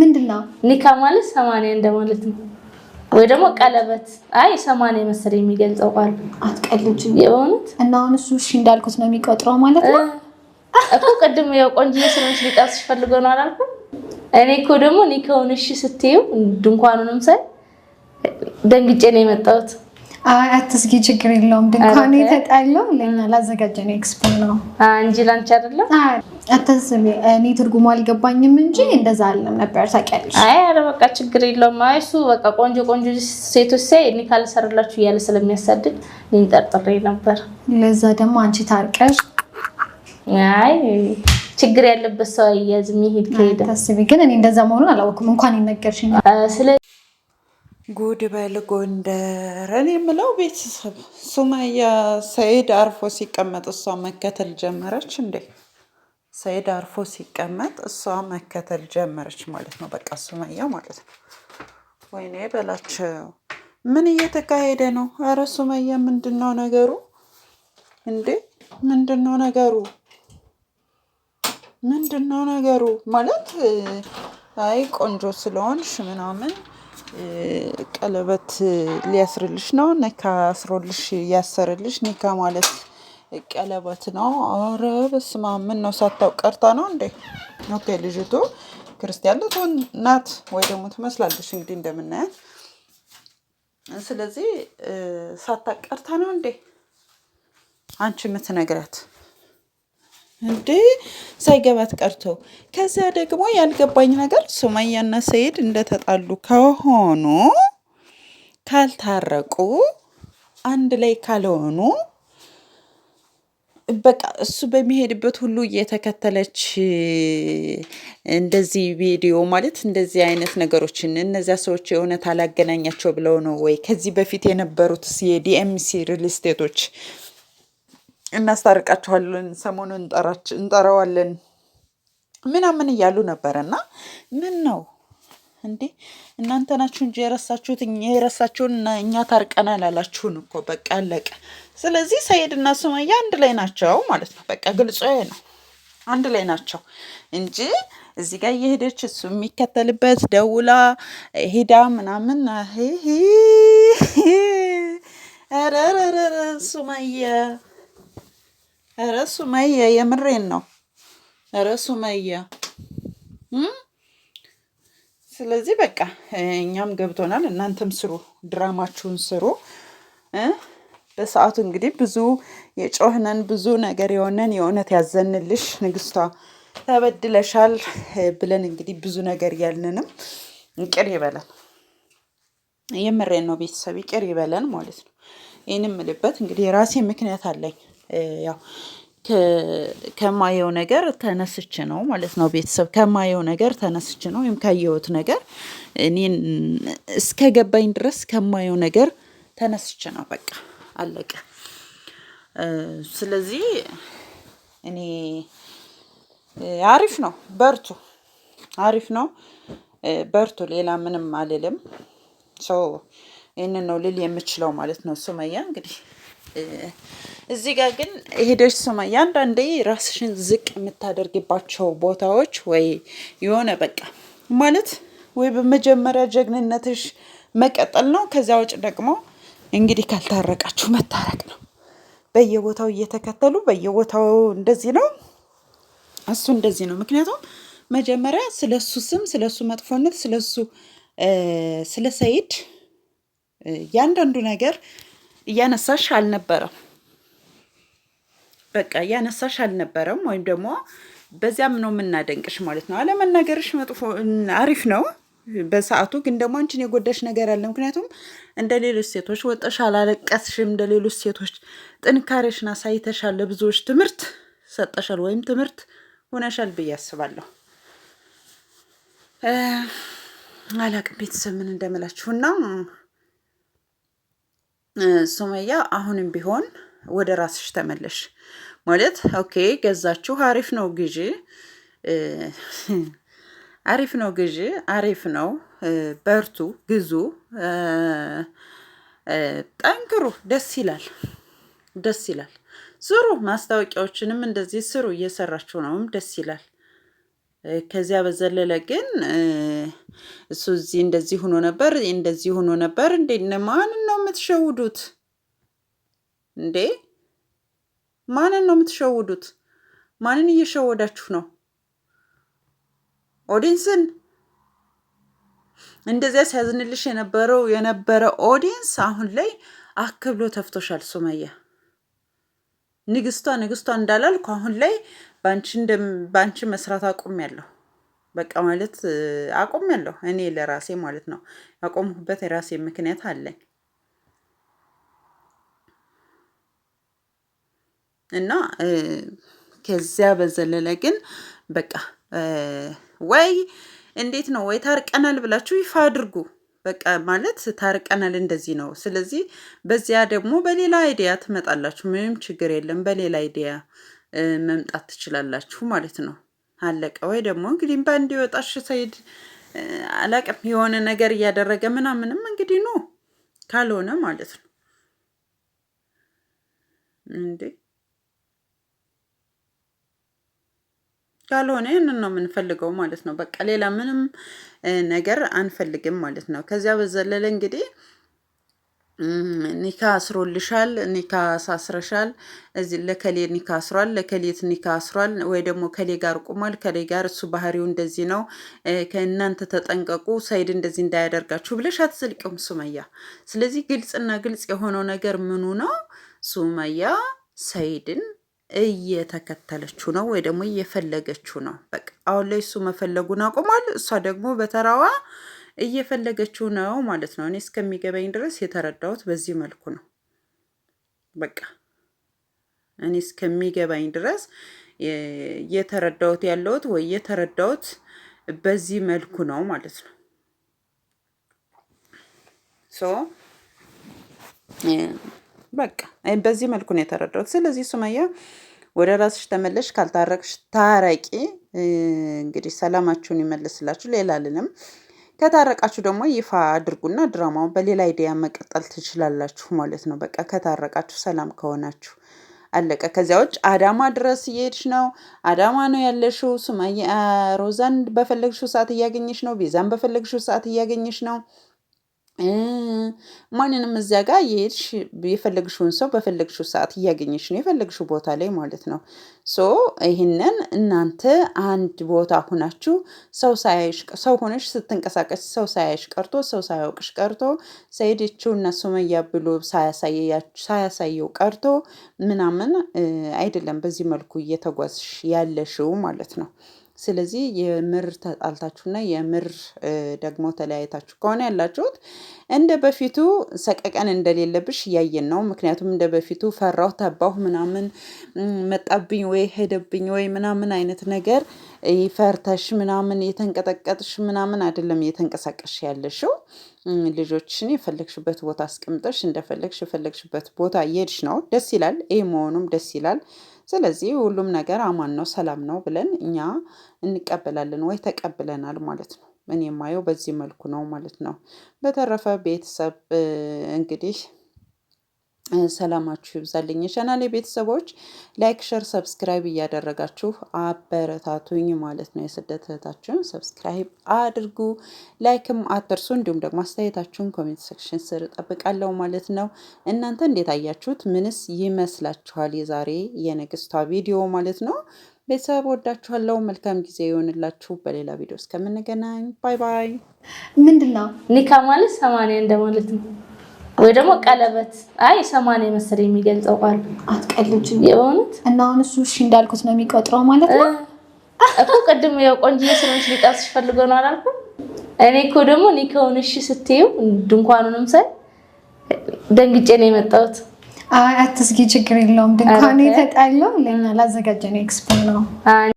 ምንድነው? ኒካ ማለት ሰማንያ እንደማለት ነው። ወይ ደግሞ ቀለበት። አይ ሰማንያ መሰለኝ የሚገልጸው ቃል። አትቀልጅ የሆኑት እና አሁን እሱ እሺ እንዳልኩት ነው የሚቆጥረው ማለት ነው እኮ። ቅድም ያው ቆንጆ ስለምሽ ሊጠብስሽ ፈልጎ ነው አላልኩ እኔ እኮ ደግሞ ኒካውን እሺ ስትይው ድንኳኑንም ሳይ ደንግጬ ነው የመጣሁት። አትስጊ፣ ችግር የለውም ድንኳኑ የተጣለው ለኛ ላዘጋጀን ኤክስፖ ነው እንጂ ላንቺ አይደለም። አታስቢ እኔ ትርጉሙ አልገባኝም እንጂ እንደዛ አለም ነበር ታውቂያለሽ። አይ በቃ ችግር የለውም። አይ እሱ በቃ ቆንጆ ቆንጆ ሴቶች ሳይ እኔ ካልሰራላችሁ እያለ ስለሚያሳድድ እኔን ጠርጥሬ ነበር። ለዛ ደግሞ አንቺ ታርቀሽ። አይ ችግር ያለበት ሰው አያዝ የሚሄድ ከሄደ ታስቢ። ግን እኔ እንደዛ መሆኑን አላወኩም እንኳን የነገርሽኝ። ጉድ በል ጎንደር። እኔ የምለው ቤተሰብ ሱማያ ሰኢድ አርፎ ሲቀመጥ እሷ መከተል ጀመረች እንዴ? ሰይድ አርፎ ሲቀመጥ እሷ መከተል ጀመረች ማለት ነው። በቃ ሱመያ ማለት ነው። ወይኔ በላቸው፣ ምን እየተካሄደ ነው? ኧረ ሱመያ ምንድን ነው ነገሩ? እንዴ ምንድን ነው ነገሩ? ምንድን ነው ነገሩ ማለት አይ ቆንጆ ስለሆንሽ ምናምን ቀለበት ሊያስርልሽ ነው። ኒካ አስሮልሽ ያሰርልሽ ኒካ ማለት ቀለበት ነው። አረ በስመ አብ! ምን ነው ሳታው ቀርታ ነው እንዴ? ኦኬ ልጅቱ ክርስቲያን ልትሆን ናት ወይ ደግሞ ትመስላለች እንግዲህ እንደምናያት። ስለዚህ ሳታውቅ ቀርታ ነው እንዴ አንቺ የምትነግራት እንዴ ሳይገባት ቀርቶ። ከዚያ ደግሞ ያልገባኝ ነገር ሱመያና ሰይድ እንደተጣሉ ከሆኑ ካልታረቁ አንድ ላይ ካልሆኑ በቃ እሱ በሚሄድበት ሁሉ እየተከተለች እንደዚህ ቪዲዮ ማለት እንደዚህ አይነት ነገሮችን እነዚያ ሰዎች የእውነት አላገናኛቸው ብለው ነው ወይ? ከዚህ በፊት የነበሩት የዲኤምሲ ሪል ስቴቶች እናስታርቃችኋለን፣ ሰሞኑን እንጠራዋለን ምናምን እያሉ ነበር እና ምን ነው እንዴ እናንተ ናችሁ እንጂ የረሳችሁት እኛ የረሳችሁን እኛ ታርቀናል አላችሁን እኮ በቃ አለቀ። ስለዚህ ሰይድና እና ሱመያ አንድ ላይ ናቸው ማለት ነው። በቃ ግልጾ ነው፣ አንድ ላይ ናቸው እንጂ እዚህ ጋር እየሄደች እሱ የሚከተልበት ደውላ ሂዳ ምናምን ረረረ ሱመያ ረ ሱመያ የምሬን ነው ረ ሱመያ ስለዚህ በቃ እኛም ገብቶናል። እናንተም ስሩ፣ ድራማችሁን ስሩ። በሰዓቱ እንግዲህ ብዙ የጮህነን ብዙ ነገር የሆነን የእውነት ያዘንልሽ ንግስቷ ተበድለሻል ብለን እንግዲህ ብዙ ነገር ያልንንም ይቅር ይበለን። የምሬን ነው ቤተሰብ ይቅር ይበለን ማለት ነው። ይህን የምልበት እንግዲህ የራሴ ምክንያት አለኝ ያው ከማየው ነገር ተነስች ነው ማለት ነው። ቤተሰብ ከማየው ነገር ተነስች ነው ወይም ካየሁት ነገር እኔን እስከገባኝ ድረስ ከማየው ነገር ተነስች ነው። በቃ አለቀ። ስለዚህ እኔ አሪፍ ነው፣ በርቱ፣ አሪፍ ነው፣ በርቱ። ሌላ ምንም አልልም። ሰው ይህንን ነው ልል የምችለው ማለት ነው። ሱመያ እንግዲህ እዚህ ጋር ግን ሄደሽ ሰማይ አንዳንዴ ራስሽን ዝቅ የምታደርግባቸው ቦታዎች ወይ የሆነ በቃ ማለት ወይ በመጀመሪያ ጀግንነትሽ መቀጠል ነው። ከዚያ ውጭ ደግሞ እንግዲህ ካልታረቃችሁ መታረቅ ነው። በየቦታው እየተከተሉ በየቦታው እንደዚህ ነው፣ እሱ እንደዚህ ነው። ምክንያቱም መጀመሪያ ስለሱ ስም፣ ስለሱ መጥፎነት፣ ስለሱ ስለ ሰይድ ያንዳንዱ ነገር እያነሳሽ አልነበረም። በቃ እያነሳሽ አልነበረም። ወይም ደግሞ በዚያም ነው የምናደንቅሽ ማለት ነው። አለመናገርሽ መጥፎ አሪፍ ነው በሰዓቱ ግን ደግሞ አንቺን የጎዳሽ ነገር አለ። ምክንያቱም እንደ ሌሎች ሴቶች ወጠሽ አላለቀስሽም። እንደ ሌሎች ሴቶች ጥንካሬሽን አሳይተሻል፣ ለብዙዎች ትምህርት ሰጠሻል ወይም ትምህርት ሆነሻል ብዬ አስባለሁ። አላቅም ቤተሰብ ምን እንደምላችሁና ሱመያ አሁንም ቢሆን ወደ ራስሽ ተመለሽ ማለት ኦኬ፣ ገዛችሁ፣ አሪፍ ነው ግዢ፣ አሪፍ ነው ግዢ፣ አሪፍ ነው በርቱ፣ ግዙ፣ ጠንክሩ። ደስ ይላል፣ ደስ ይላል። ስሩ፣ ማስታወቂያዎችንም እንደዚህ ስሩ። እየሰራችሁ ነውም፣ ደስ ይላል። ከዚያ በዘለለ ግን እሱ እዚህ እንደዚህ ሆኖ ነበር እንደዚህ ሆኖ ነበር እንዴ! ማንን ነው የምትሸውዱት እንዴ? ማንን ነው የምትሸውዱት? ማንን እየሸወዳችሁ ነው? ኦዲንስን እንደዚያ ሲያዝንልሽ የነበረው የነበረ ኦዲንስ አሁን ላይ አክብሎ ተፍቶሻል። ሱመያ ንግስቷ ንግስቷ እንዳላልኩ አሁን ላይ በአንቺ መስራት አቁሜያለሁ። በቃ ማለት አቁሜያለሁ እኔ ለራሴ ማለት ነው። ያቆምኩበት የራሴ ምክንያት አለኝ። እና ከዚያ በዘለለ ግን በቃ ወይ እንዴት ነው ወይ ታርቀናል ብላችሁ ይፋ አድርጉ። በቃ ማለት ታርቀናል እንደዚህ ነው። ስለዚህ በዚያ ደግሞ በሌላ አይዲያ ትመጣላችሁ። ምንም ችግር የለም። በሌላ አይዲያ መምጣት ትችላላችሁ ማለት ነው። አለቀ ወይ ደግሞ እንግዲህ በአንድ ይወጣሽ ሰይድ አላቅም የሆነ ነገር እያደረገ ምናምንም እንግዲህ ኖ ካልሆነ ማለት ነው እንዴ ካልሆነ ይህንን ነው የምንፈልገው ማለት ነው። በቃ ሌላ ምንም ነገር አንፈልግም ማለት ነው። ከዚያ በዘለለ እንግዲህ ኒካ አስሮልሻል፣ ኒካ አሳስረሻል፣ እዚህ ለከሌ ኒካ አስሯል፣ ለከሌት ኒካ አስሯል፣ ወይ ደግሞ ከሌ ጋር ቁሟል፣ ከሌ ጋር እሱ ባህሪው እንደዚህ ነው፣ ከእናንተ ተጠንቀቁ፣ ሰኢድ እንደዚህ እንዳያደርጋችሁ ብለሽ አትዘልቅም ሱመያ። ስለዚህ ግልጽና ግልጽ የሆነው ነገር ምኑ ነው? ሱመያ ሰኢድን እየተከተለችው ነው ወይ ደግሞ እየፈለገችው ነው። በቃ አሁን ላይ እሱ መፈለጉን አቁሟል፣ እሷ ደግሞ በተራዋ እየፈለገችው ነው ማለት ነው። እኔ እስከሚገባኝ ድረስ የተረዳሁት በዚህ መልኩ ነው። በቃ እኔ እስከሚገባኝ ድረስ የተረዳሁት ያለሁት ወይ የተረዳሁት በዚህ መልኩ ነው ማለት ነው። ሶ በቃ በዚህ መልኩ ነው የተረዳሁት። ስለዚህ ሱመያ ወደ ራስሽ ተመለሽ፣ ካልታረቅሽ ታረቂ። እንግዲህ ሰላማችሁን ይመልስላችሁ። ሌላ ልንም ከታረቃችሁ ደግሞ ይፋ አድርጉና ድራማውን በሌላ አይዲያ መቀጠል ትችላላችሁ ማለት ነው። በቃ ከታረቃችሁ፣ ሰላም ከሆናችሁ አለቀ። ከዚያ ውጭ አዳማ ድረስ እየሄድሽ ነው፣ አዳማ ነው ያለሽው፣ ሱማያ ሮዛን በፈለግሽው ሰዓት እያገኘሽ ነው፣ ቤዛን በፈለግሽው ሰዓት እያገኘሽ ነው። ማንንም እዚያ ጋር የሄድሽ የፈለግሽውን ሰው በፈለግሽው ሰዓት እያገኘሽ ነው፣ የፈለግሽው ቦታ ላይ ማለት ነው። ሶ ይህንን እናንተ አንድ ቦታ ሁናችሁ ሰው ሳያይሽ ሰው ሆነሽ ስትንቀሳቀስ ሰው ሳያይሽ ቀርቶ ሰው ሳያውቅሽ ቀርቶ ሰይድችው እና ሱመያ ብሎ ሳያሳየው ቀርቶ ምናምን አይደለም። በዚህ መልኩ እየተጓዝሽ ያለሽው ማለት ነው። ስለዚህ የምር ተጣልታችሁና የምር ደግሞ ተለያየታችሁ ከሆነ ያላችሁት እንደ በፊቱ ሰቀቀን እንደሌለብሽ እያየን ነው። ምክንያቱም እንደ በፊቱ ፈራሁ፣ ተባሁ፣ ምናምን መጣብኝ ወይ ሄደብኝ ወይ ምናምን አይነት ነገር ፈርተሽ ምናምን የተንቀጠቀጥሽ ምናምን አይደለም እየተንቀሳቀስሽ ያለሽው። ልጆችን የፈለግሽበት ቦታ አስቀምጠሽ እንደፈለግሽ የፈለግሽበት ቦታ እየሄድሽ ነው። ደስ ይላል። ይህ መሆኑም ደስ ይላል። ስለዚህ ሁሉም ነገር አማን ነው፣ ሰላም ነው ብለን እኛ እንቀበላለን ወይ ተቀብለናል ማለት ነው። እኔ የማየው በዚህ መልኩ ነው ማለት ነው። በተረፈ ቤተሰብ እንግዲህ ሰላማችሁ ይብዛልኝ። የቻናሌ ቤተሰቦች ላይክ፣ ሸር፣ ሰብስክራይብ እያደረጋችሁ አበረታቱኝ ማለት ነው። የስደት እህታችሁን ሰብስክራይብ አድርጉ፣ ላይክም አትርሱ። እንዲሁም ደግሞ አስተያየታችሁን ኮሜንት ሴክሽን ስር እጠብቃለሁ ማለት ነው። እናንተ እንዴት አያችሁት? ምንስ ይመስላችኋል? የዛሬ የንግስቷ ቪዲዮ ማለት ነው። ቤተሰብ ወዳችኋለሁ። መልካም ጊዜ ይሆንላችሁ። በሌላ ቪዲዮ እስከምንገናኝ ባይ ባይ። ምንድን ነው ኒካ ማለት ሰማንያ እንደማለት ነው። ወይ ደግሞ ቀለበት። አይ ሰማን የመሰለ የሚገልጸው ቃል አትቀልጅ። የሆኑት እና አሁን እሱ እሺ እንዳልኩት ነው የሚቆጥረው ማለት ነው እኮ። ቅድም ያው ቆንጆ የስራዎች ሊጠብስ ፈልጎ ነው አላልኩ እኔ እኮ ደግሞ ኒከውን እሺ ስትዩ ድንኳኑንም ሳይ ደንግጬ ነው የመጣሁት። አትስጊ፣ ችግር የለውም ድንኳኑ የተጣለው ለኛ ላዘጋጀነው ኤክስፖ ነው።